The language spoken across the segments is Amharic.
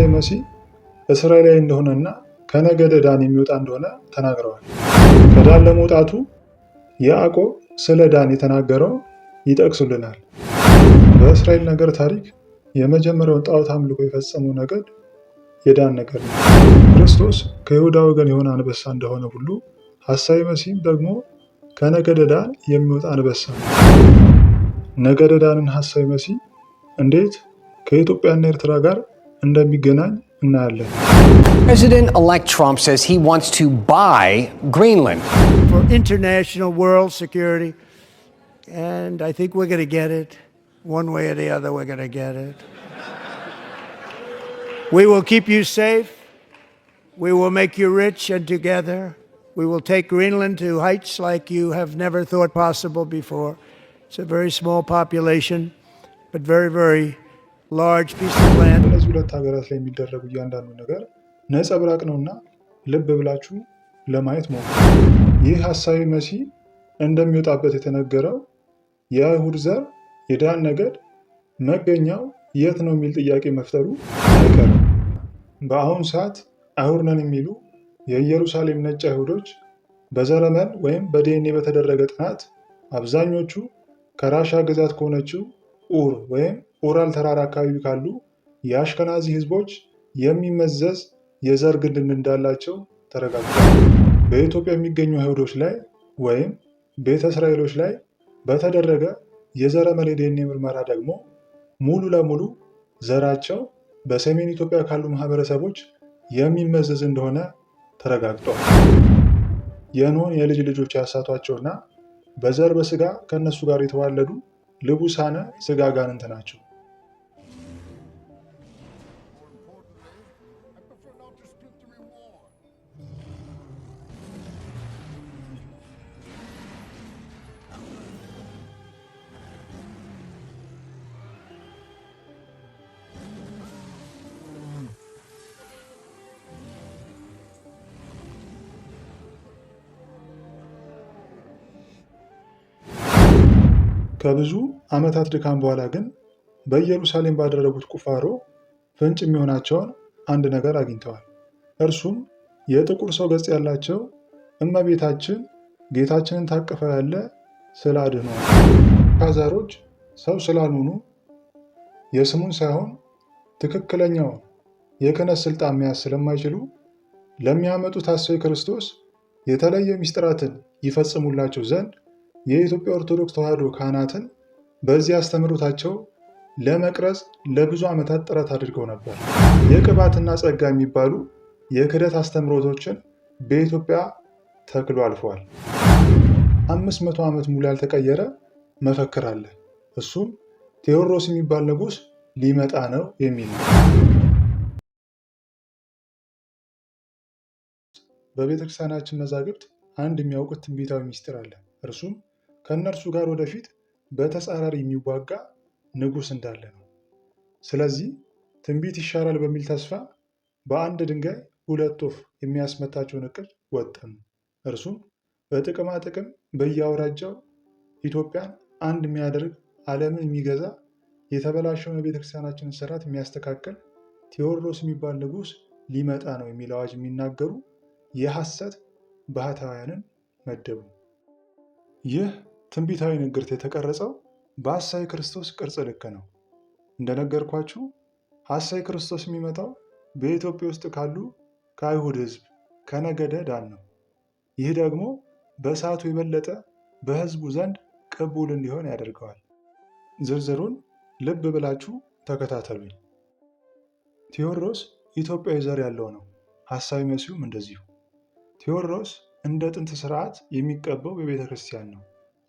መሲህ መሲህ እስራኤላዊ እንደሆነና ከነገደ ዳን የሚወጣ እንደሆነ ተናግረዋል። ከዳን ለመውጣቱ ያዕቆብ ስለ ዳን የተናገረው ይጠቅሱልናል። በእስራኤል ነገር ታሪክ የመጀመሪያውን ጣዖት አምልኮ የፈጸመው ነገድ የዳን ነገር ነው። ክርስቶስ ከይሁዳ ወገን የሆነ አንበሳ እንደሆነ ሁሉ ሐሳዊ መሲህም ደግሞ ከነገደ ዳን የሚወጣ አንበሳ ነው። ነገደ ዳንን ሐሳዊ መሲህ እንዴት ከኢትዮጵያና ኤርትራ ጋር እንደሚገናኝ እናያለን። President elect Trump says he wants to buy Greenland. For international world security, and I think we're going to get it. One way or the other, we're going to get it. We will keep you safe. We will make you rich, and together we will take Greenland to heights like you have never thought possible before. It's a very small population, but very, very large piece of land. ሁለት ሀገራት ላይ የሚደረጉ እያንዳንዱ ነገር ነጸብራቅ ነውና ልብ ብላችሁ ለማየት ሞክሩ። ይህ ሀሳዊ መሲ እንደሚወጣበት የተነገረው የአይሁድ ዘር የዳን ነገድ መገኛው የት ነው የሚል ጥያቄ መፍጠሩ አይቀርም። በአሁኑ ሰዓት አይሁድ ነን የሚሉ የኢየሩሳሌም ነጭ አይሁዶች በዘረመል ወይም በዲኤንኤ በተደረገ ጥናት አብዛኞቹ ከራሻ ግዛት ከሆነችው ኡር ወይም ኡራል ተራራ አካባቢ ካሉ የአሽከናዚ ህዝቦች የሚመዘዝ የዘር ግንድን እንዳላቸው ተረጋግጧል። በኢትዮጵያ የሚገኙ አይሁዶች ላይ ወይም ቤተ እስራኤሎች ላይ በተደረገ የዘረመል ዲኤንኤ ምርመራ ደግሞ ሙሉ ለሙሉ ዘራቸው በሰሜን ኢትዮጵያ ካሉ ማህበረሰቦች የሚመዘዝ እንደሆነ ተረጋግጧል። የኖህን የልጅ ልጆች ያሳቷቸውና በዘር በስጋ ከእነሱ ጋር የተዋለዱ ልቡሳነ ስጋ ጋንንት ናቸው። ከብዙ ዓመታት ድካም በኋላ ግን በኢየሩሳሌም ባደረጉት ቁፋሮ ፍንጭ የሚሆናቸውን አንድ ነገር አግኝተዋል። እርሱም የጥቁር ሰው ገጽ ያላቸው እመቤታችን ጌታችንን ታቅፈው ያለ ስለ አድነዋል። ካዛሮች ሰው ስላልሆኑ የስሙን ሳይሆን ትክክለኛውን የክህነት ስልጣን መያዝ ስለማይችሉ ለሚያመጡት ሐሳዊ ክርስቶስ የተለየ ምስጢራትን ይፈጽሙላቸው ዘንድ የኢትዮጵያ ኦርቶዶክስ ተዋሕዶ ካህናትን በዚህ አስተምህሮታቸው ለመቅረጽ ለብዙ ዓመታት ጥረት አድርገው ነበር። የቅባትና ጸጋ የሚባሉ የክደት አስተምህሮቶችን በኢትዮጵያ ተክሎ አልፈዋል። አምስት መቶ ዓመት ሙሉ ያልተቀየረ መፈክር አለ። እሱም ቴዎድሮስ የሚባል ንጉሥ ሊመጣ ነው የሚል ነው። በቤተክርስቲያናችን መዛግብት አንድ የሚያውቁት ትንቢታዊ ሚስጥር አለ። እርሱም ከእነርሱ ጋር ወደፊት በተጻራሪ የሚዋጋ ንጉሥ እንዳለ ነው። ስለዚህ ትንቢት ይሻራል በሚል ተስፋ በአንድ ድንጋይ ሁለት ወፍ የሚያስመታቸውን እቅድ ወጠኑ። እርሱም በጥቅማ ጥቅም በየአውራጃው ኢትዮጵያን አንድ የሚያደርግ ዓለምን የሚገዛ የተበላሸውን የቤተክርስቲያናችንን ስርዓት የሚያስተካከል ቴዎድሮስ የሚባል ንጉሥ ሊመጣ ነው የሚል አዋጅ የሚናገሩ የሐሰት ባህታውያንን መደቡ። ይህ ትንቢታዊ ንግርት የተቀረጸው በሐሳዊ ክርስቶስ ቅርጽ ልክ ነው። እንደነገርኳችሁ ሐሳዊ ክርስቶስ የሚመጣው በኢትዮጵያ ውስጥ ካሉ ከአይሁድ ሕዝብ ከነገደ ዳን ነው። ይህ ደግሞ በእሳቱ የበለጠ በሕዝቡ ዘንድ ቅቡል እንዲሆን ያደርገዋል። ዝርዝሩን ልብ ብላችሁ ተከታተሉኝ። ቴዎድሮስ ኢትዮጵያዊ ዘር ያለው ነው። ሐሳዊ መሲሁም እንደዚሁ። ቴዎድሮስ እንደ ጥንት ስርዓት የሚቀበው በቤተ ክርስቲያን ነው።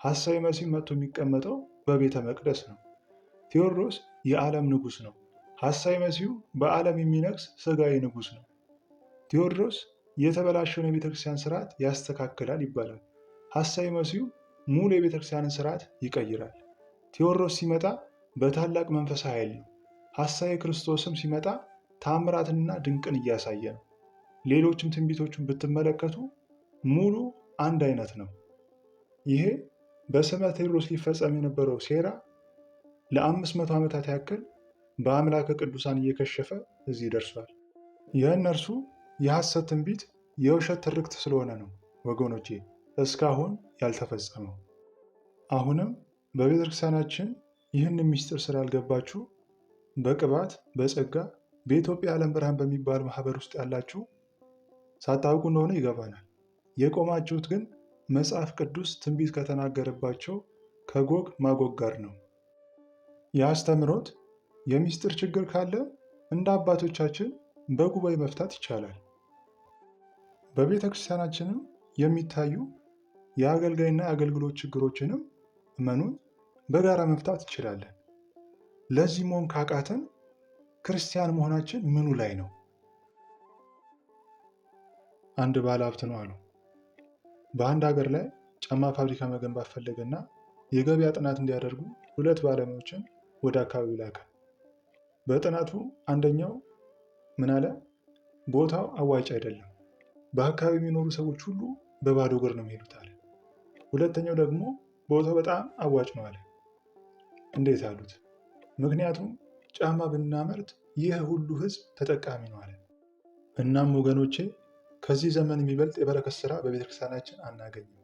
ሐሳዊ መሲህ መጥቶ የሚቀመጠው በቤተ መቅደስ ነው። ቴዎድሮስ የዓለም ንጉሥ ነው። ሐሳዊ መሲሁ በዓለም የሚነግስ ሥጋዊ ንጉሥ ነው። ቴዎድሮስ የተበላሸውን የቤተክርስቲያን ስርዓት ያስተካክላል ይባላል። ሐሳዊ መሲሁ ሙሉ የቤተክርስቲያንን ስርዓት ይቀይራል። ቴዎድሮስ ሲመጣ በታላቅ መንፈሳዊ ኃይል ነው። ሐሳዊ ክርስቶስም ሲመጣ ታምራትንና ድንቅን እያሳየ ነው። ሌሎችም ትንቢቶቹን ብትመለከቱ ሙሉ አንድ አይነት ነው። ይሄ በስመ ቴዎድሮስ ሊፈጸም የነበረው ሴራ ለአምስት መቶ ዓመታት ያክል በአምላከ ቅዱሳን እየከሸፈ እዚህ ደርሷል። የእነርሱ የሐሰት ትንቢት የውሸት ትርክት ስለሆነ ነው ወገኖቼ እስካሁን ያልተፈጸመው። አሁንም በቤተ ክርስቲያናችን ይህን ምስጢር ስላልገባችሁ በቅባት በጸጋ በኢትዮጵያ ዓለም ብርሃን በሚባል ማህበር ውስጥ ያላችሁ ሳታውቁ እንደሆነ ይገባናል። የቆማችሁት ግን መጽሐፍ ቅዱስ ትንቢት ከተናገረባቸው ከጎግ ማጎግ ጋር ነው። የአስተምሮት የሚስጥር ችግር ካለ እንደ አባቶቻችን በጉባኤ መፍታት ይቻላል። በቤተ ክርስቲያናችንም የሚታዩ የአገልጋይና የአገልግሎት ችግሮችንም እመኑን በጋራ መፍታት እንችላለን። ለዚህ መሆን ካቃተን ክርስቲያን መሆናችን ምኑ ላይ ነው? አንድ ባለ ሀብት ነው አሉ በአንድ ሀገር ላይ ጫማ ፋብሪካ መገንባት ፈለገና የገበያ ጥናት እንዲያደርጉ ሁለት ባለሙያዎችን ወደ አካባቢው ላከ። በጥናቱ አንደኛው ምን አለ? ቦታው አዋጭ አይደለም፣ በአካባቢ የሚኖሩ ሰዎች ሁሉ በባዶ እግር ነው የሚሄዱት አለ። ሁለተኛው ደግሞ ቦታው በጣም አዋጭ ነው አለ። እንዴት አሉት? ምክንያቱም ጫማ ብናመርት ይህ ሁሉ ህዝብ ተጠቃሚ ነው አለ። እናም ወገኖቼ ከዚህ ዘመን የሚበልጥ የበረከት ስራ በቤተክርስቲያናችን አናገኝም።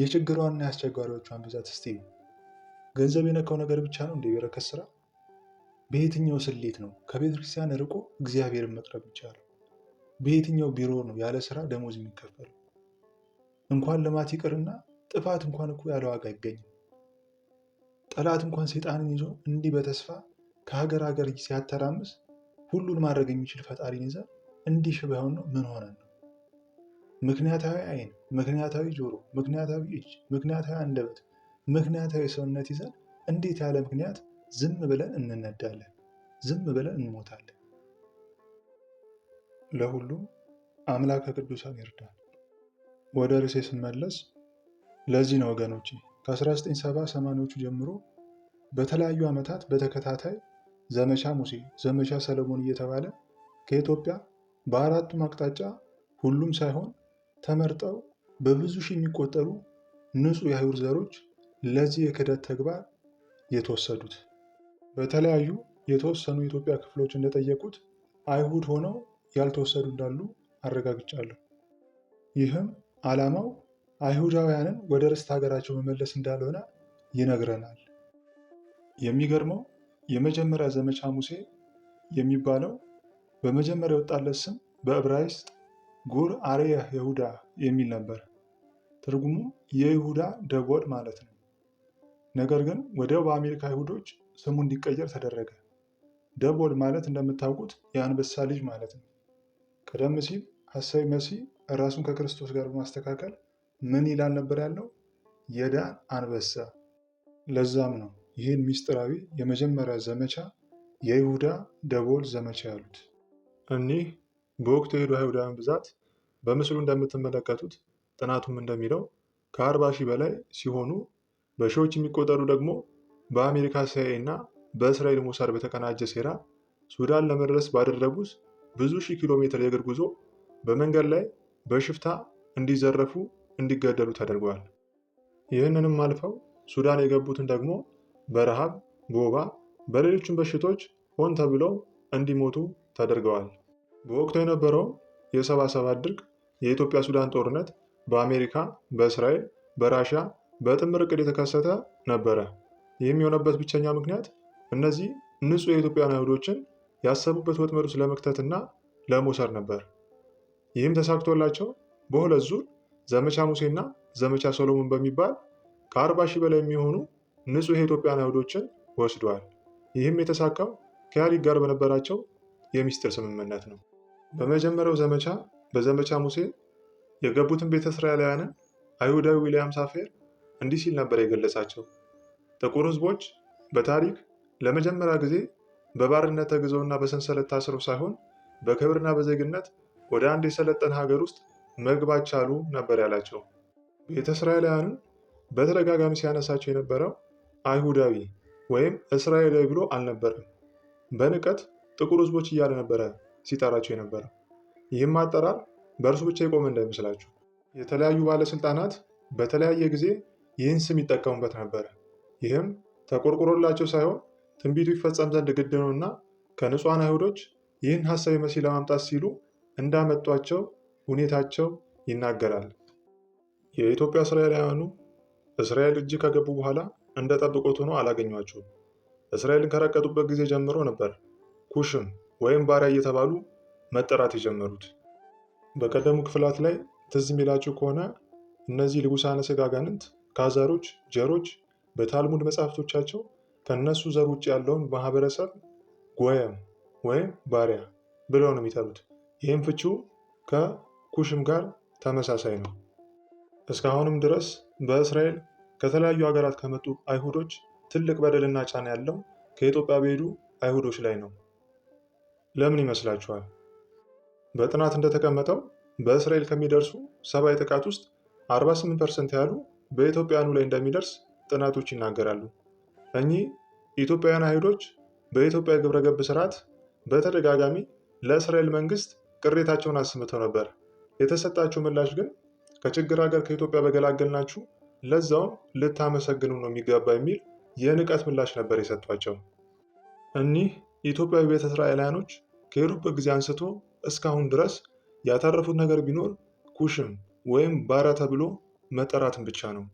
የችግሯና የአስቸጋሪዎቿን ብዛት እስቲ ገንዘብ የነካው ነገር ብቻ ነው እንደ የበረከት ስራ? በየትኛው ስሌት ነው ከቤተክርስቲያን ርቆ እግዚአብሔርን መቅረብ ይቻላል? በየትኛው ቢሮ ነው ያለ ስራ ደሞዝ የሚከፈለው? እንኳን ልማት ይቅርና ጥፋት እንኳን እኮ ያለ ዋጋ አይገኝም። ጠላት እንኳን ሰይጣንን ይዞ እንዲህ በተስፋ ከሀገር ሀገር ሲያተራምስ ሁሉን ማድረግ የሚችል ፈጣሪን ይዘ እንዲህ ሽባ ነው ምን ሆነ? ምክንያታዊ አይን ምክንያታዊ ጆሮ፣ ምክንያታዊ እጅ፣ ምክንያታዊ አንደበት፣ ምክንያታዊ ሰውነት ይዘን እንዴት ያለ ምክንያት ዝም ብለን እንነዳለን? ዝም ብለን እንሞታለን? ለሁሉም አምላከ ቅዱሳን ይርዳል። ወደ ርዕሴ ስመለስ ለዚህ ነው ወገኖቼ ከ1970 ሰማንያዎቹ ጀምሮ በተለያዩ ዓመታት በተከታታይ ዘመቻ ሙሴ፣ ዘመቻ ሰለሞን እየተባለ ከኢትዮጵያ በአራቱም አቅጣጫ ሁሉም ሳይሆን ተመርጠው በብዙ ሺህ የሚቆጠሩ ንጹህ የአይሁድ ዘሮች ለዚህ የክህደት ተግባር የተወሰዱት። በተለያዩ የተወሰኑ የኢትዮጵያ ክፍሎች እንደጠየቁት አይሁድ ሆነው ያልተወሰዱ እንዳሉ አረጋግጫለሁ። ይህም ዓላማው አይሁዳውያንን ወደ ርስት ሀገራቸው መመለስ እንዳልሆነ ይነግረናል። የሚገርመው የመጀመሪያ ዘመቻ ሙሴ የሚባለው በመጀመሪያ የወጣለት ስም በዕብራይስጥ ጉር አሬ ይሁዳ የሚል ነበር። ትርጉሙ የይሁዳ ደቦል ማለት ነው። ነገር ግን ወዲያው በአሜሪካ ይሁዶች ስሙ እንዲቀየር ተደረገ። ደቦል ማለት እንደምታውቁት የአንበሳ ልጅ ማለት ነው። ቀደም ሲል ሐሳዊ መሲህ ራሱን ከክርስቶስ ጋር በማስተካከል ምን ይላል ነበር ያለው? የዳን አንበሳ። ለዛም ነው ይህን ምስጢራዊ የመጀመሪያ ዘመቻ የይሁዳ ደቦል ዘመቻ ያሉት። እኒህ በወቅቱ የሄዱ አይሁዳውያን ብዛት በምስሉ እንደምትመለከቱት ጥናቱም እንደሚለው ከአርባ ሺህ በላይ ሲሆኑ በሺዎች የሚቆጠሩ ደግሞ በአሜሪካ ሲአይኤ እና በእስራኤል ሞሳድ በተቀናጀ ሴራ ሱዳን ለመድረስ ባደረጉት ብዙ ሺህ ኪሎ ሜትር የእግር ጉዞ በመንገድ ላይ በሽፍታ እንዲዘረፉ፣ እንዲገደሉ ተደርገዋል። ይህንንም አልፈው ሱዳን የገቡትን ደግሞ በረሃብ፣ በወባ፣ በሌሎችም በሽቶች ሆን ተብለው እንዲሞቱ ተደርገዋል። በወቅቱ የነበረው የሰባ ሰባት ድርቅ፣ የኢትዮጵያ ሱዳን ጦርነት በአሜሪካ፣ በእስራኤል፣ በራሽያ በጥምር እቅድ የተከሰተ ነበረ። ይህም የሆነበት ብቸኛ ምክንያት እነዚህ ንጹህ የኢትዮጵያን አይሁዶችን ያሰቡበት ወጥመድ ውስጥ ለመክተትና ለመውሰድ ነበር። ይህም ተሳክቶላቸው በሁለት ዙር ዘመቻ ሙሴና ዘመቻ ሰሎሞን በሚባል ከአርባ ሺህ በላይ የሚሆኑ ንጹህ የኢትዮጵያን አይሁዶችን ወስደዋል። ይህም የተሳካው ከኢህአዴግ ጋር በነበራቸው የሚስጥር ስምምነት ነው። በመጀመሪያው ዘመቻ በዘመቻ ሙሴ የገቡትን ቤተ እስራኤላውያንን አይሁዳዊ ዊልያም ሳፌር እንዲህ ሲል ነበር የገለጻቸው። ጥቁር ሕዝቦች በታሪክ ለመጀመሪያ ጊዜ በባርነት ተግዘውና በሰንሰለት ታስረው ሳይሆን በክብርና በዜግነት ወደ አንድ የሰለጠነ ሀገር ውስጥ መግባት ቻሉ ነበር ያላቸው። ቤተ እስራኤላውያንን በተደጋጋሚ ሲያነሳቸው የነበረው አይሁዳዊ ወይም እስራኤላዊ ብሎ አልነበረም። በንቀት ጥቁር ሕዝቦች እያለ ነበረ ሲጠራቸው የነበረ። ይህም አጠራር በእርሱ ብቻ የቆመ እንዳይመስላችሁ። የተለያዩ ባለስልጣናት በተለያየ ጊዜ ይህን ስም ይጠቀሙበት ነበረ። ይህም ተቆርቁሮላቸው ሳይሆን ትንቢቱ ይፈጸም ዘንድ ግድ ነውና ከንጹሐን አይሁዶች ይህን ሀሳብ መሲህ ለማምጣት ሲሉ እንዳመጧቸው ሁኔታቸው ይናገራል። የኢትዮጵያ እስራኤላውያኑ እስራኤል እጅ ከገቡ በኋላ እንደ ጠብቆት ሆኖ አላገኟቸውም። እስራኤልን ከረቀጡበት ጊዜ ጀምሮ ነበር ኩሽም ወይም ባሪያ እየተባሉ መጠራት የጀመሩት። በቀደሙ ክፍላት ላይ ትዝ የሚላችሁ ከሆነ እነዚህ ልጉሳነ ሥጋ አጋንንት ካዛሮች፣ ጀሮች በታልሙድ መጽሐፍቶቻቸው ከእነሱ ዘር ውጭ ያለውን ማህበረሰብ ጎየም ወይም ባሪያ ብለው ነው የሚጠሩት። ይህም ፍቺው ከኩሽም ጋር ተመሳሳይ ነው። እስካሁንም ድረስ በእስራኤል ከተለያዩ ሀገራት ከመጡ አይሁዶች ትልቅ በደልና ጫና ያለው ከኢትዮጵያ በሄዱ አይሁዶች ላይ ነው። ለምን ይመስላችኋል? በጥናት እንደተቀመጠው በእስራኤል ከሚደርሱ ሰብአዊ ጥቃት ውስጥ 48 ፐርሰንት ያሉ በኢትዮጵያውያኑ ላይ እንደሚደርስ ጥናቶች ይናገራሉ። እኚህ ኢትዮጵያውያን አይሁዶች በኢትዮጵያ ግብረ ገብ ስርዓት በተደጋጋሚ ለእስራኤል መንግስት ቅሬታቸውን አስምተው ነበር። የተሰጣቸው ምላሽ ግን ከችግር ሀገር ከኢትዮጵያ በገላገልናችሁ ለዛውም ልታመሰግኑ ነው የሚገባ የሚል የንቀት ምላሽ ነበር የሰጧቸው። እኒህ የኢትዮጵያዊ ቤተ እስራኤላውያኖች ከሄዱበት ጊዜ አንስቶ እስካሁን ድረስ ያተረፉት ነገር ቢኖር ኩሽም ወይም ባሪያ ተብሎ መጠራትን ብቻ ነው።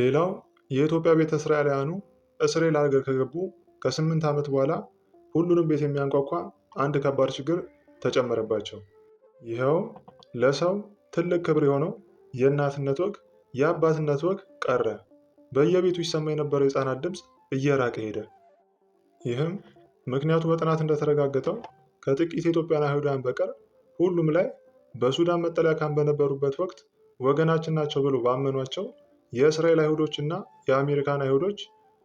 ሌላው የኢትዮጵያ ቤተ እስራኤላውያኑ እስራኤል ሀገር ከገቡ ከስምንት ዓመት በኋላ ሁሉንም ቤት የሚያንቋቋ አንድ ከባድ ችግር ተጨመረባቸው። ይኸው ለሰው ትልቅ ክብር የሆነው የእናትነት ወግ የአባትነት ወግ ቀረ። በየቤቱ ይሰማ የነበረው የህፃናት ድምፅ እየራቀ ሄደ። ይህም ምክንያቱ በጥናት እንደተረጋገጠው ከጥቂት የኢትዮጵያን አይሁዳውያን በቀር ሁሉም ላይ በሱዳን መጠለያ ካምፕ በነበሩበት ወቅት ወገናችን ናቸው ብለው ባመኗቸው የእስራኤል አይሁዶች እና የአሜሪካን አይሁዶች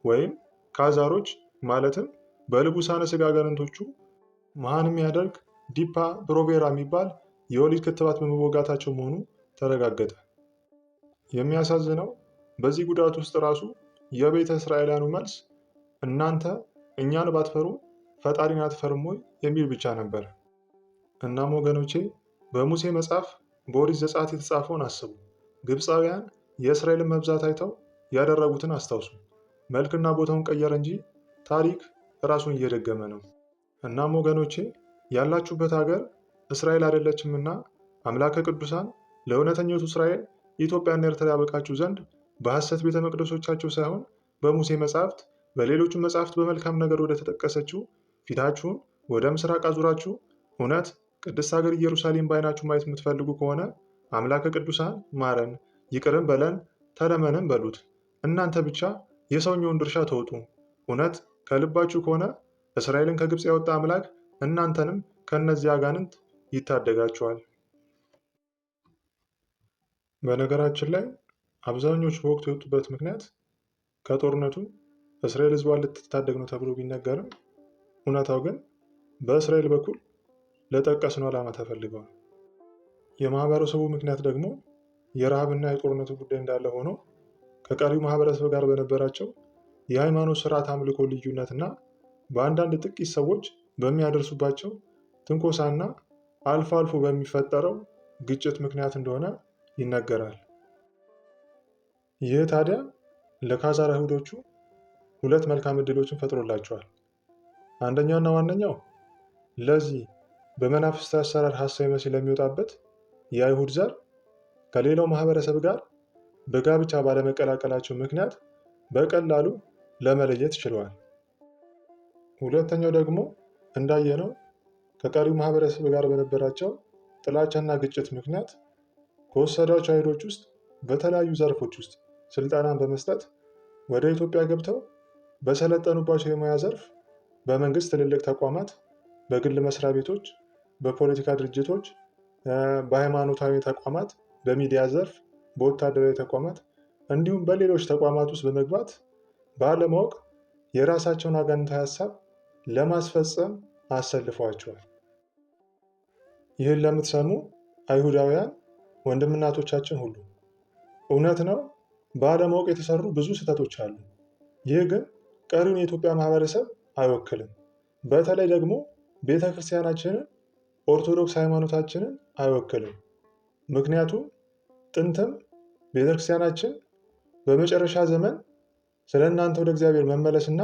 ወይም ካዛሮች ማለትም በልቡሳነ ስጋ አጋንንቶቹ መሃን የሚያደርግ ዲፓ ብሮቬራ የሚባል የወሊድ ክትባት በመወጋታቸው መሆኑ ተረጋገጠ። የሚያሳዝነው በዚህ ጉዳት ውስጥ ራሱ የቤተ እስራኤላኑ መልስ እናንተ እኛን ባትፈሩ ፈጣሪን አትፈርም የሚል ብቻ ነበር። እናም ወገኖቼ በሙሴ መጽሐፍ በኦሪት ዘጸአት የተጻፈውን አስቡ። ግብፃውያን የእስራኤልን መብዛት አይተው ያደረጉትን አስታውሱ። መልክና ቦታውን ቀየረ እንጂ ታሪክ ራሱን እየደገመ ነው። እናም ወገኖቼ ያላችሁበት ሀገር እስራኤል አይደለችምና አምላከ ቅዱሳን ለእውነተኞቱ እስራኤል ኢትዮጵያና ኤርትራ ያበቃችሁ ዘንድ በሐሰት ቤተ መቅደሶቻቸው ሳይሆን በሙሴ መጽሐፍት፣ በሌሎቹ መጽሐፍት በመልካም ነገር ወደ ተጠቀሰችው ፊታችሁን ወደ ምስራቅ አዙራችሁ እውነት ቅድስት ሀገር ኢየሩሳሌም በዓይናችሁ ማየት የምትፈልጉ ከሆነ አምላከ ቅዱሳን ማረን፣ ይቅርም በለን፣ ተለመንም በሉት። እናንተ ብቻ የሰውኛውን ድርሻ ተውጡ። እውነት ከልባችሁ ከሆነ እስራኤልን ከግብፅ ያወጣ አምላክ እናንተንም ከእነዚያ አጋንንት ይታደጋቸዋል። በነገራችን ላይ አብዛኞቹ በወቅቱ የወጡበት ምክንያት ከጦርነቱ እስራኤል ሕዝቧን ልትታደግ ነው ተብሎ ቢነገርም እውነታው ግን በእስራኤል በኩል ለጠቀስነው ዓላማ ተፈልገዋል። የማህበረሰቡ ምክንያት ደግሞ የረሃብና የጦርነቱ ጉዳይ እንዳለ ሆኖ ከቀሪው ማህበረሰብ ጋር በነበራቸው የሃይማኖት ስርዓት አምልኮ ልዩነትና በአንዳንድ ጥቂት ሰዎች በሚያደርሱባቸው ትንኮሳና አልፎ አልፎ በሚፈጠረው ግጭት ምክንያት እንደሆነ ይነገራል። ይህ ታዲያ ለካዛር አይሁዶቹ ሁለት መልካም ዕድሎችን ፈጥሮላቸዋል። አንደኛውና ዋነኛው ለዚህ በመናፍስት አሰራር ሀሳብ መሲህ ለሚወጣበት የአይሁድ ዘር ከሌላው ማህበረሰብ ጋር በጋብቻ ባለመቀላቀላቸው ምክንያት በቀላሉ ለመለየት ችለዋል። ሁለተኛው ደግሞ እንዳየነው ከቀሪው ማህበረሰብ ጋር በነበራቸው ጥላቻና ግጭት ምክንያት ከወሰዷቸው አይዶች ውስጥ በተለያዩ ዘርፎች ውስጥ ስልጠናን በመስጠት ወደ ኢትዮጵያ ገብተው በሰለጠኑባቸው የሙያ ዘርፍ በመንግስት ትልልቅ ተቋማት፣ በግል መስሪያ ቤቶች፣ በፖለቲካ ድርጅቶች፣ በሃይማኖታዊ ተቋማት፣ በሚዲያ ዘርፍ፣ በወታደራዊ ተቋማት እንዲሁም በሌሎች ተቋማት ውስጥ በመግባት ባለማወቅ የራሳቸውን አጋንንታዊ ሀሳብ ለማስፈጸም አሰልፈዋቸዋል። ይህን ለምትሰሙ አይሁዳውያን ወንድምናቶቻችን ሁሉ እውነት ነው፣ ባለማወቅ የተሰሩ ብዙ ስህተቶች አሉ። ይህ ግን ቀሪውን የኢትዮጵያ ማህበረሰብ አይወክልም። በተለይ ደግሞ ቤተ ክርስቲያናችንን ኦርቶዶክስ ሃይማኖታችንን አይወክልም። ምክንያቱም ጥንትም ቤተ ክርስቲያናችን በመጨረሻ ዘመን ስለ እናንተ ወደ እግዚአብሔር መመለስና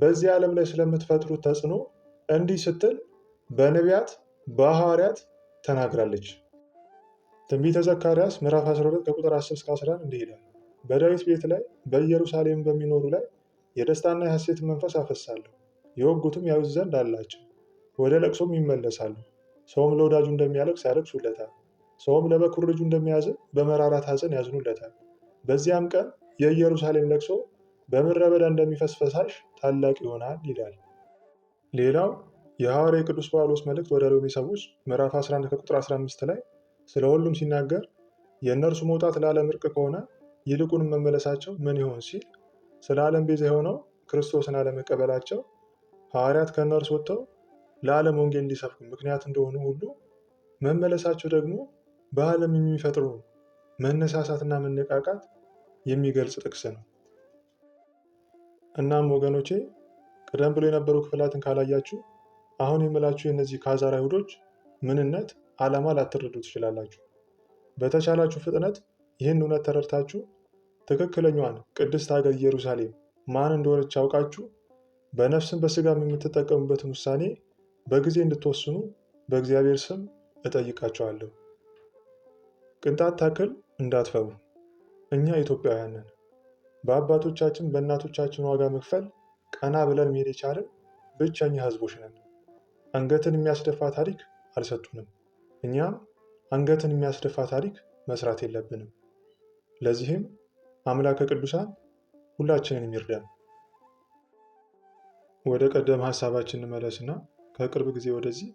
በዚህ ዓለም ላይ ስለምትፈጥሩት ተጽዕኖ እንዲህ ስትል በነቢያት በሐዋርያት ተናግራለች። ትንቢተ ዘካርያስ ምዕራፍ 12 ከቁጥር 10 እስከ 11 እንዲህ ይላል፣ በዳዊት ቤት ላይ በኢየሩሳሌም በሚኖሩ ላይ የደስታና የሐሴት መንፈስ አፈሳለሁ። የወጉትም ያዩት ዘንድ አላቸው። ወደ ለቅሶም ይመለሳሉ። ሰውም ለወዳጁ እንደሚያለቅስ ያለቅሱለታል። ሰውም ለበኩር ልጁ እንደሚያዝን በመራራት ሐዘን ያዝኑለታል። በዚያም ቀን የኢየሩሳሌም ለቅሶ በምድረ በዳ እንደሚፈስ ፈሳሽ ታላቅ ይሆናል ይላል። ሌላው የሐዋርያ ቅዱስ ጳውሎስ መልእክት ወደ ሮሜ ሰዎች ምዕራፍ 11 ከቁጥር 15 ላይ ስለ ሁሉም ሲናገር የእነርሱ መውጣት ላለምርቅ እርቅ ከሆነ ይልቁን መመለሳቸው ምን ይሆን ሲል ስለ ዓለም ቤዛ የሆነው ክርስቶስን አለመቀበላቸው ሐዋርያት ከእነርሱ ወጥተው ለዓለም ወንጌል እንዲሰብኩ ምክንያት እንደሆኑ ሁሉ መመለሳቸው ደግሞ በዓለም የሚፈጥሩ መነሳሳትና መነቃቃት የሚገልጽ ጥቅስ ነው። እናም ወገኖቼ ቀደም ብሎ የነበሩ ክፍላትን ካላያችሁ አሁን የምላችሁ የእነዚህ ካዛር አይሁዶች ምንነት፣ ዓላማ ላትረዱ ትችላላችሁ። በተቻላችሁ ፍጥነት ይህን እውነት ተረድታችሁ ትክክለኛዋን ቅድስት ሀገር ኢየሩሳሌም ማን እንደሆነች አውቃችሁ በነፍስም በስጋም የምትጠቀሙበትን ውሳኔ በጊዜ እንድትወስኑ በእግዚአብሔር ስም እጠይቃቸዋለሁ። ቅንጣት ታክል እንዳትፈሩ። እኛ ኢትዮጵያውያን ነን። በአባቶቻችን በእናቶቻችን ዋጋ መክፈል ቀና ብለን መሄድ የቻለን ብቸኛ ህዝቦች ነን። አንገትን የሚያስደፋ ታሪክ አልሰጡንም። እኛም አንገትን የሚያስደፋ ታሪክ መስራት የለብንም። ለዚህም አምላከ ቅዱሳን ሁላችንንም ይርዳን። ወደ ቀደም ሀሳባችን እንመለስና ከቅርብ ጊዜ ወደዚህ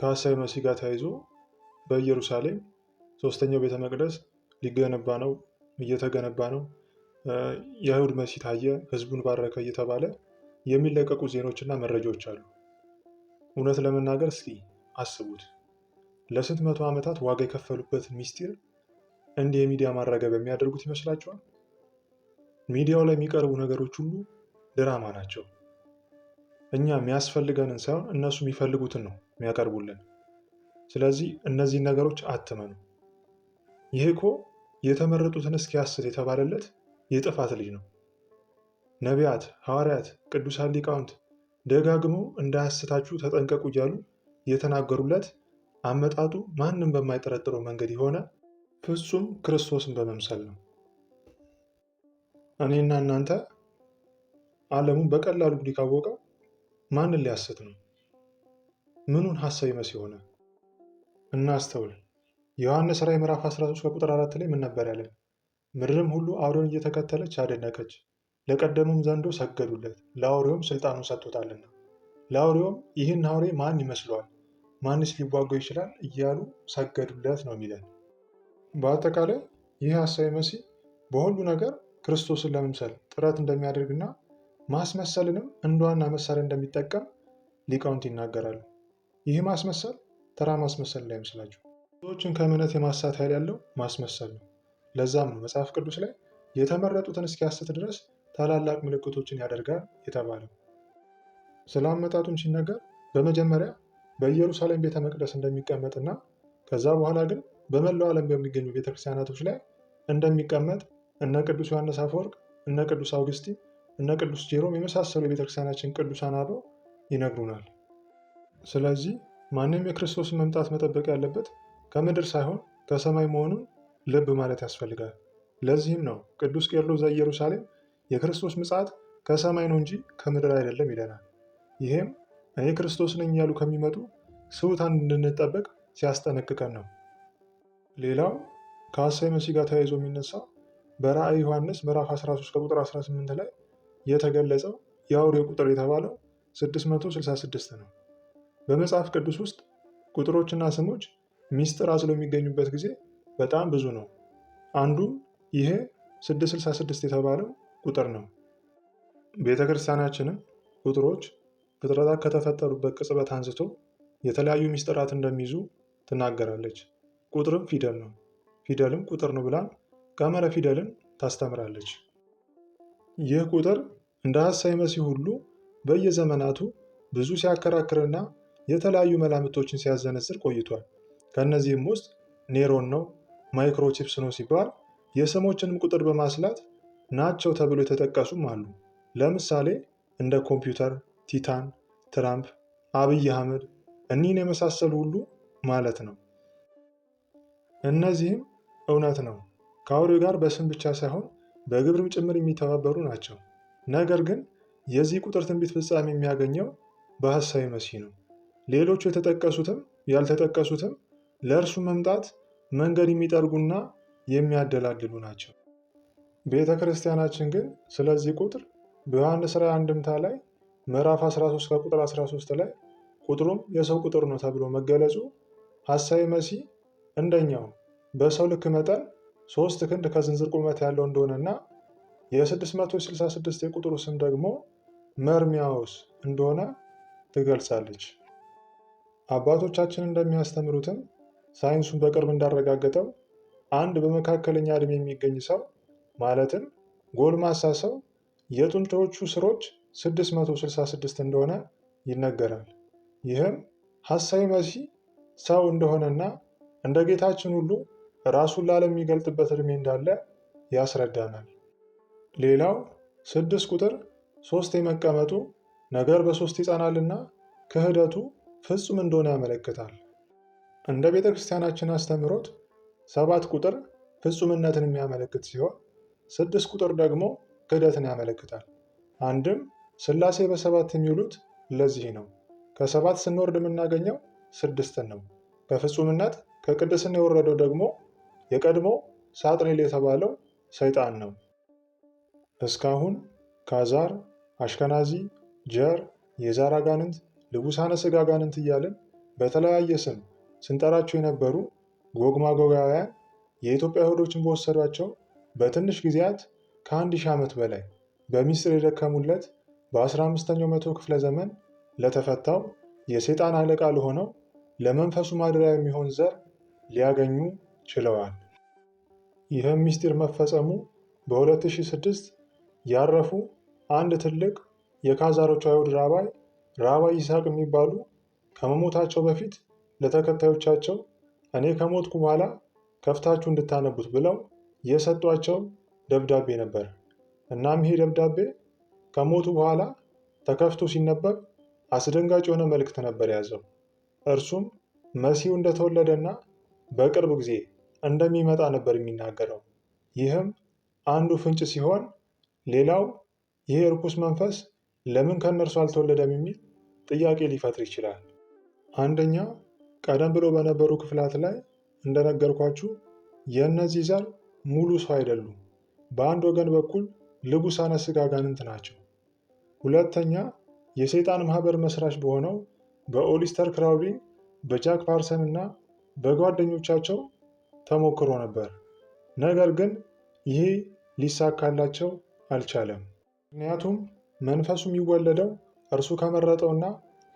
ከሐሳዊ መሲህ ጋር ተያይዞ በኢየሩሳሌም ሶስተኛው ቤተ መቅደስ ሊገነባ ነው፣ እየተገነባ ነው፣ የአይሁድ መሲህ ታየ፣ ህዝቡን ባረከ እየተባለ የሚለቀቁ ዜኖችና መረጃዎች አሉ። እውነት ለመናገር እስኪ አስቡት ለስንት መቶ ዓመታት ዋጋ የከፈሉበትን ሚስጢር እንዲህ የሚዲያ ማራገቢያ የሚያደርጉት ይመስላችኋል? ሚዲያው ላይ የሚቀርቡ ነገሮች ሁሉ ድራማ ናቸው። እኛ የሚያስፈልገንን ሳይሆን እነሱ የሚፈልጉትን ነው የሚያቀርቡልን። ስለዚህ እነዚህን ነገሮች አትመኑ። ይሄ እኮ የተመረጡትን እስኪያስት የተባለለት የጥፋት ልጅ ነው። ነቢያት፣ ሐዋርያት፣ ቅዱሳን ሊቃውንት ደጋግመው እንዳያስታችሁ ተጠንቀቁ እያሉ የተናገሩለት አመጣጡ ማንም በማይጠረጥረው መንገድ የሆነ ፍጹም ክርስቶስን በመምሰል ነው። እኔና እናንተ ዓለሙን በቀላሉ እንግዲህ ካወቀው ማንን ሊያስት ነው? ምኑን ሀሳብ ይመስ የሆነ እናስተውል። ዮሐንስ ራዕይ ምዕራፍ 13 ከቁጥር 4 ላይ ምን ነበር ያለን? ምድርም ሁሉ አውሬውን እየተከተለች አደነቀች፣ ለቀደሙም ዘንዶ ሰገዱለት፣ ለአውሬውም ስልጣኑን ሰጥቶታልና። ለአውሬውም ይህን አውሬ ማን ይመስለዋል? ማንስ ሊዋጋው ይችላል? እያሉ ሰገዱለት ነው የሚለን በአጠቃላይ ይህ ሀሳዊ መሲህ በሁሉ ነገር ክርስቶስን ለመምሰል ጥረት እንደሚያደርግና ማስመሰልንም እንደ ዋና መሳሪያ እንደሚጠቀም ሊቃውንት ይናገራሉ። ይህ ማስመሰል ተራ ማስመሰል ይመስላችሁ ሰዎችን ከእምነት የማሳት ኃይል ያለው ማስመሰል ነው። ለዛም ነው መጽሐፍ ቅዱስ ላይ የተመረጡትን እስኪያስት ድረስ ታላላቅ ምልክቶችን ያደርጋል የተባለው። ስለ አመጣጡም ሲነገር በመጀመሪያ በኢየሩሳሌም ቤተ መቅደስ እንደሚቀመጥና ከዛ በኋላ ግን በመላው ዓለም በሚገኙ ቤተክርስቲያናቶች ላይ እንደሚቀመጥ እነ ቅዱስ ዮሐንስ አፈወርቅ፣ እነ ቅዱስ አውግስቲን፣ እነ ቅዱስ ጄሮም የመሳሰሉ የቤተክርስቲያናችን ቅዱሳን አበው ይነግሩናል። ስለዚህ ማንም የክርስቶስን መምጣት መጠበቅ ያለበት ከምድር ሳይሆን ከሰማይ መሆኑን ልብ ማለት ያስፈልጋል። ለዚህም ነው ቅዱስ ቄርሎስ ዘኢየሩሳሌም የክርስቶስ ምጽአት ከሰማይ ነው እንጂ ከምድር አይደለም ይለናል። ይሄም እኔ ክርስቶስ ነኝ ያሉ ከሚመጡ ስውታን እንድንጠበቅ ሲያስጠነቅቀን ነው። ሌላው ከሐሳዌ መሲህ ጋር ተያይዞ የሚነሳው በራእይ ዮሐንስ ምዕራፍ 13 ከቁጥር 18 ላይ የተገለጸው የአውሬው ቁጥር የተባለው 666 ነው። በመጽሐፍ ቅዱስ ውስጥ ቁጥሮችና ስሞች ሚስጥር አስለው የሚገኙበት ጊዜ በጣም ብዙ ነው። አንዱም ይሄ 666 የተባለው ቁጥር ነው። ቤተ ክርስቲያናችንም ቁጥሮች ፍጥረታት ከተፈጠሩበት ቅጽበት አንስቶ የተለያዩ ሚስጥራት እንደሚይዙ ትናገራለች። ቁጥርም ፊደል ነው፣ ፊደልም ቁጥር ነው ብላ ጋመረ ፊደልን ታስተምራለች። ይህ ቁጥር እንደ ሐሳዊ መሲህ ሁሉ በየዘመናቱ ብዙ ሲያከራክርና የተለያዩ መላምቶችን ሲያዘነዝር ቆይቷል። ከእነዚህም ውስጥ ኔሮን ነው፣ ማይክሮቺፕስ ነው ሲባል የስሞችንም ቁጥር በማስላት ናቸው ተብሎ የተጠቀሱም አሉ። ለምሳሌ እንደ ኮምፒውተር፣ ቲታን፣ ትራምፕ፣ አብይ አህመድ እኒህን የመሳሰሉ ሁሉ ማለት ነው። እነዚህም እውነት ነው፣ ከአውሬው ጋር በስም ብቻ ሳይሆን በግብርም ጭምር የሚተባበሩ ናቸው። ነገር ግን የዚህ ቁጥር ትንቢት ፍጻሜ የሚያገኘው በሐሳዊ መሲህ ነው። ሌሎቹ የተጠቀሱትም ያልተጠቀሱትም ለእርሱ መምጣት መንገድ የሚጠርጉና የሚያደላድሉ ናቸው። ቤተ ክርስቲያናችን ግን ስለዚህ ቁጥር በዮሐንስ ራዕይ አንድምታ ላይ ምዕራፍ 13 ከቁጥር 13 ላይ ቁጥሩም የሰው ቁጥር ነው ተብሎ መገለጹ ሐሳዊ መሲህ እንደኛው በሰው ልክ መጠን ሶስት ክንድ ከዝንዝር ቁመት ያለው እንደሆነና የ666 የቁጥሩ ስም ደግሞ መርሚያውስ እንደሆነ ትገልጻለች። አባቶቻችን እንደሚያስተምሩትም ሳይንሱን በቅርብ እንዳረጋገጠው አንድ በመካከለኛ ዕድሜ የሚገኝ ሰው ማለትም ጎልማሳ ሰው የጡንቻዎቹ ስሮች 666 እንደሆነ ይነገራል። ይህም ሐሳዊ መሲ ሰው እንደሆነና እንደ ጌታችን ሁሉ ራሱን ለዓለም የሚገልጥበት እድሜ እንዳለ ያስረዳናል። ሌላው ስድስት ቁጥር ሶስት የመቀመጡ ነገር በሶስት ይጸናልና ክህደቱ ፍጹም እንደሆነ ያመለክታል። እንደ ቤተ ክርስቲያናችን አስተምህሮት ሰባት ቁጥር ፍጹምነትን የሚያመለክት ሲሆን ስድስት ቁጥር ደግሞ ክህደትን ያመለክታል። አንድም ሥላሴ በሰባት የሚውሉት ለዚህ ነው። ከሰባት ስንወርድ የምናገኘው ስድስትን ነው። በፍጹምነት ከቅድስና የወረደው ደግሞ የቀድሞ ሳጥኔል የተባለው ሰይጣን ነው። እስካሁን ካዛር፣ አሽከናዚ፣ ጀር፣ የዛር አጋንንት፣ ልቡሳነ ስጋ አጋንንት እያልን በተለያየ ስም ስንጠራቸው የነበሩ ጎግ ማጎጋውያን የኢትዮጵያ አይሁዶችን በወሰዷቸው በትንሽ ጊዜያት ከአንድ ሺህ ዓመት በላይ በሚስጥር የደከሙለት በ15ኛው መቶ ክፍለ ዘመን ለተፈታው የሰይጣን አለቃ ለሆነው ለመንፈሱ ማደሪያ የሚሆን ዘር ሊያገኙ ችለዋል። ይህም ምስጢር መፈጸሙ በ2006 ያረፉ አንድ ትልቅ የካዛሮች አይሁድ ራባይ ራባይ ይስሐቅ የሚባሉ ከመሞታቸው በፊት ለተከታዮቻቸው እኔ ከሞትኩ በኋላ ከፍታችሁ እንድታነቡት ብለው የሰጧቸው ደብዳቤ ነበር። እናም ይሄ ደብዳቤ ከሞቱ በኋላ ተከፍቶ ሲነበብ አስደንጋጭ የሆነ መልእክት ነበር የያዘው። እርሱም መሲሁ እንደተወለደና በቅርብ ጊዜ እንደሚመጣ ነበር የሚናገረው። ይህም አንዱ ፍንጭ ሲሆን ሌላው ይህ እርኩስ መንፈስ ለምን ከእነርሱ አልተወለደም የሚል ጥያቄ ሊፈጥር ይችላል። አንደኛ ቀደም ብሎ በነበሩ ክፍላት ላይ እንደነገርኳችሁ የእነዚህ ዘር ሙሉ ሰው አይደሉም። በአንድ ወገን በኩል ልጉሳነ ስጋ አጋንንት ናቸው። ሁለተኛ የሰይጣን ማህበር መስራች በሆነው በኦሊስተር ክራውሊን በጃክ ፓርሰን እና በጓደኞቻቸው ተሞክሮ ነበር። ነገር ግን ይሄ ሊሳካላቸው አልቻለም። ምክንያቱም መንፈሱ የሚወለደው እርሱ ከመረጠውና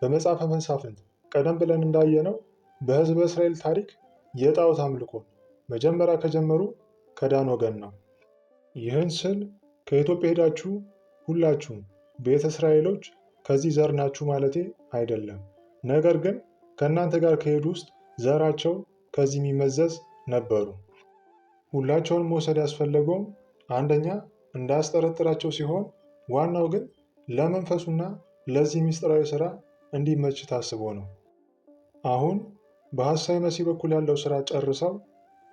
በመጽሐፈ መሳፍንት ቀደም ብለን እንዳየነው በሕዝበ እስራኤል ታሪክ የጣዖት አምልኮ መጀመሪያ ከጀመሩ ከዳን ወገን ነው። ይህን ስል ከኢትዮጵያ ሄዳችሁ ሁላችሁም ቤተ እስራኤሎች ከዚህ ዘር ናችሁ ማለቴ አይደለም። ነገር ግን ከእናንተ ጋር ከሄዱ ውስጥ ዘራቸው ከዚህ የሚመዘዝ ነበሩ። ሁላቸውን መውሰድ ያስፈለገውም አንደኛ እንዳያስጠረጥራቸው ሲሆን ዋናው ግን ለመንፈሱና ለዚህ ምስጢራዊ ስራ እንዲመች ታስቦ ነው። አሁን በሐሳዊ መሲህ በኩል ያለው ስራ ጨርሰው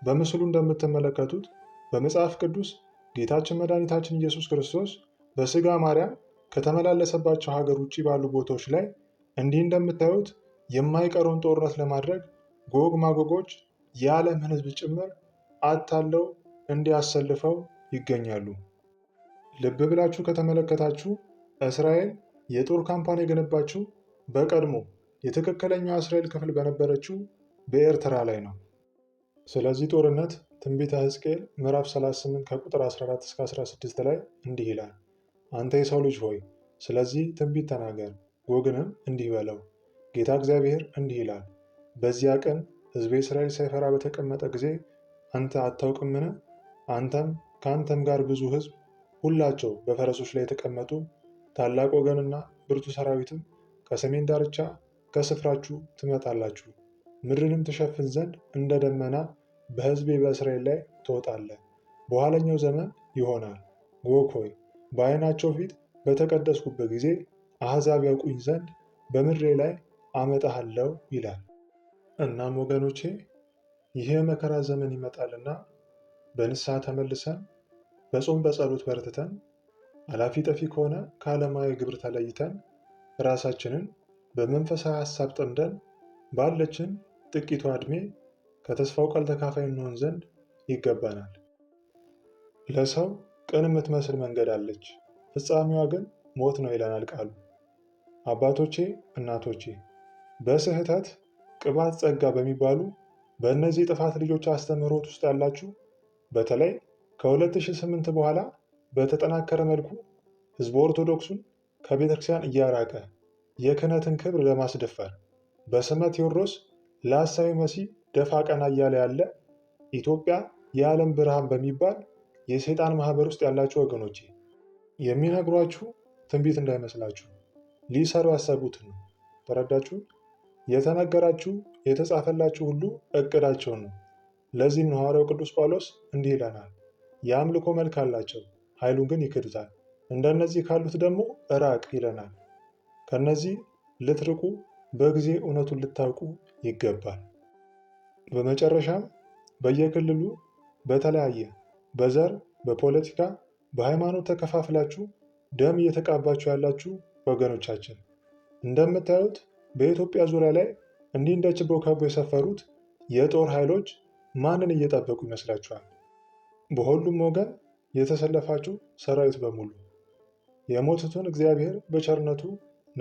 በምስሉ እንደምትመለከቱት በመጽሐፍ ቅዱስ ጌታችን መድኃኒታችን ኢየሱስ ክርስቶስ በስጋ ማርያም ከተመላለሰባቸው ሀገር ውጭ ባሉ ቦታዎች ላይ እንዲህ እንደምታዩት የማይቀረውን ጦርነት ለማድረግ ጎግ ማጎጎች የዓለም ህዝብ ጭምር አታለው እንዲያሰልፈው ይገኛሉ። ልብ ብላችሁ ከተመለከታችሁ እስራኤል የጦር ካምፓን የገነባችው በቀድሞ የትክክለኛው እስራኤል ክፍል በነበረችው በኤርትራ ላይ ነው። ስለዚህ ጦርነት ትንቢተ ሕዝቅኤል ምዕራፍ 38 ከቁጥር 14 እስከ 16 ላይ እንዲህ ይላል፣ አንተ የሰው ልጅ ሆይ ስለዚህ ትንቢት ተናገር፣ ጎግንም እንዲህ በለው፣ ጌታ እግዚአብሔር እንዲህ ይላል በዚያ ቀን ሕዝበ እስራኤል ሳይፈራ በተቀመጠ ጊዜ አንተ አታውቅምን? አንተም ከአንተም ጋር ብዙ ሕዝብ ሁላቸው በፈረሶች ላይ የተቀመጡ ታላቅ ወገንና ብርቱ ሰራዊትም ከሰሜን ዳርቻ ከስፍራችሁ ትመጣላችሁ። ምድርንም ትሸፍን ዘንድ እንደ ደመና በሕዝቤ በእስራኤል ላይ ትወጣለህ። በኋለኛው ዘመን ይሆናል። ጎግ ሆይ በዓይናቸው ፊት በተቀደስኩበት ጊዜ አሕዛብ ያውቁኝ ዘንድ በምድሬ ላይ አመጣሃለሁ ይላል። እናም ወገኖቼ ይህ የመከራ ዘመን ይመጣልና በንስሐ ተመልሰን በጾም በጸሎት በርትተን አላፊ ጠፊ ከሆነ ከዓለማዊ ግብር ተለይተን ራሳችንን በመንፈሳዊ ሐሳብ ጠምደን ባለችን ጥቂቷ ዕድሜ ከተስፋው ቃል ተካፋይ እንሆን ዘንድ ይገባናል። ለሰው ቅን የምትመስል መንገድ አለች፣ ፍጻሜዋ ግን ሞት ነው ይለናል ቃሉ። አባቶቼ እናቶቼ በስህተት ቅባት ጸጋ በሚባሉ በእነዚህ የጥፋት ልጆች አስተምህሮት ውስጥ ያላችሁ በተለይ ከ2008 በኋላ በተጠናከረ መልኩ ህዝበ ኦርቶዶክሱን ከቤተክርስቲያን እያራቀ የክህነትን ክብር ለማስደፈር በስመ ቴዎድሮስ ለአሳዊ መሲህ ደፋ ቀና እያለ ያለ ኢትዮጵያ የዓለም ብርሃን በሚባል የሰይጣን ማህበር ውስጥ ያላችሁ ወገኖቼ የሚነግሯችሁ ትንቢት እንዳይመስላችሁ ሊሰሩ ያሰቡትን ነው። ተረዳችሁ? የተነገራችሁ የተጻፈላችሁ ሁሉ እቅዳቸው ነው። ለዚህም ሐዋርያው ቅዱስ ጳውሎስ እንዲህ ይለናል፣ የአምልኮ መልክ አላቸው፣ ኃይሉን ግን ይክዱታል። እንደነዚህ ካሉት ደግሞ እራቅ ይለናል። ከነዚህ ልትርቁ በጊዜ እውነቱን ልታውቁ ይገባል። በመጨረሻም በየክልሉ በተለያየ በዘር፣ በፖለቲካ፣ በሃይማኖት ተከፋፍላችሁ ደም እየተቃባችሁ ያላችሁ ወገኖቻችን እንደምታዩት በኢትዮጵያ ዙሪያ ላይ እንዲህ እንደ ችቦ ከቦ የሰፈሩት የጦር ኃይሎች ማንን እየጠበቁ ይመስላችኋል? በሁሉም ወገን የተሰለፋችሁ ሰራዊት በሙሉ የሞቱትን እግዚአብሔር በቸርነቱ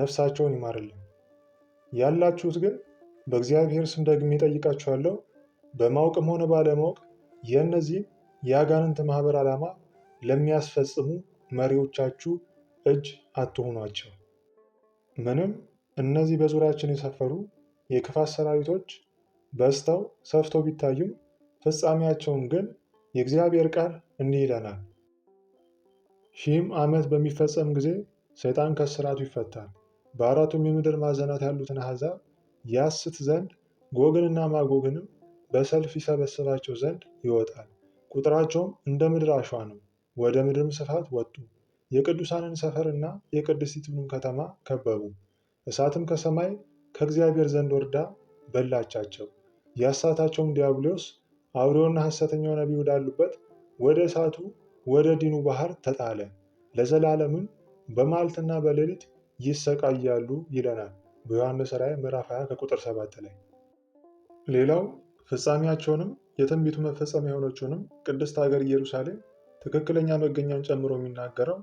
ነፍሳቸውን ይማርልን። ያላችሁት ግን በእግዚአብሔር ስም ደግሜ እጠይቃችኋለሁ፣ በማወቅም ሆነ ባለማወቅ የእነዚህ የአጋንንት ማህበር ዓላማ ለሚያስፈጽሙ መሪዎቻችሁ እጅ አትሆኗቸው። ምንም እነዚህ በዙሪያችን የሰፈሩ የክፋት ሰራዊቶች በዝተው ሰፍተው ቢታዩም ፍጻሜያቸውን ግን የእግዚአብሔር ቃል እንዲህ ይለናል። ሺህም ዓመት በሚፈጸም ጊዜ ሰይጣን ከስርዓቱ ይፈታል። በአራቱም የምድር ማዕዘናት ያሉትን አሕዛብ ያስት ዘንድ ጎግንና ማጎግንም በሰልፍ ይሰበስባቸው ዘንድ ይወጣል። ቁጥራቸውም እንደ ምድር አሸዋ ነው። ወደ ምድርም ስፋት ወጡ። የቅዱሳንን ሰፈርና የቅድስቲቱንም ከተማ ከበቡ። እሳትም ከሰማይ ከእግዚአብሔር ዘንድ ወርዳ በላቻቸው። ያሳታቸውም ዲያብሎስ አውሬውና ሐሰተኛው ነቢይ ወዳሉበት ወደ እሳቱ ወደ ዲኑ ባህር ተጣለ። ለዘላለምም በማልትና በሌሊት ይሰቃያሉ ይለናል በዮሐንስ ራእይ ምዕራፍ 20 ከቁጥር 7 ላይ። ሌላው ፍጻሜያቸውንም የትንቢቱ መፈጸሚያ የሆነችውንም ቅድስት ሀገር ኢየሩሳሌም ትክክለኛ መገኛውን ጨምሮ የሚናገረው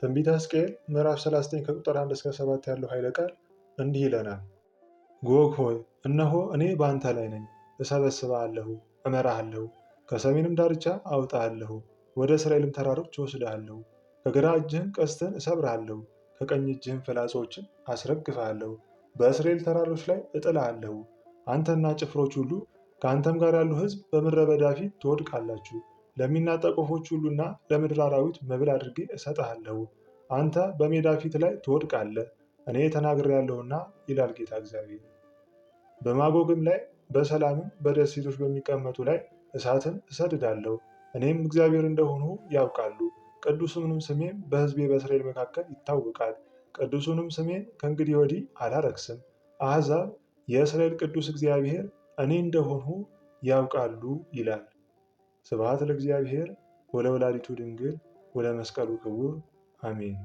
ትንቢተ ሕዝቅኤል ምዕራፍ 39 ከቁጥር 1 እስከ 7 ያለው ኃይለ ቃል እንዲህ ይለናል፣ ጎግ ሆይ እነሆ እኔ በአንተ ላይ ነኝ፣ እሰበስብሃለሁ፣ እመራሃለሁ፣ ከሰሜንም ዳርቻ አውጣሃለሁ፣ ወደ እስራኤልም ተራሮች እወስድሃለሁ። ከግራ እጅህም ቀስትን እሰብርሃለሁ፣ ከቀኝ እጅህም ፍላጾችን አስረግፍሃለሁ፣ በእስራኤል ተራሮች ላይ እጥልሃለሁ። አንተና ጭፍሮች ሁሉ ከአንተም ጋር ያሉ ሕዝብ በምድረ በዳ ፊት ትወድቃላችሁ። ለሚናጠቁ ወፎች ሁሉና ለምድር አራዊት መብል አድርጌ እሰጥሃለሁ። አንተ በሜዳ ፊት ላይ ትወድቃለህ፣ እኔ ተናግሬያለሁና ይላል ጌታ እግዚአብሔር። በማጎግም ላይ በሰላምም በደሴቶች በሚቀመጡ ላይ እሳትን እሰድዳለሁ፣ እኔም እግዚአብሔር እንደሆኑ ያውቃሉ። ቅዱሱንም ስሜን በሕዝቤ በእስራኤል መካከል ይታወቃል። ቅዱሱንም ስሜን ከእንግዲህ ወዲህ አላረክስም። አሕዛብ የእስራኤል ቅዱስ እግዚአብሔር እኔ እንደሆኑ ያውቃሉ ይላል። ስብሐት ለእግዚአብሔር ወለወላዲቱ ድንግል ወለመስቀሉ ክቡር አሜን።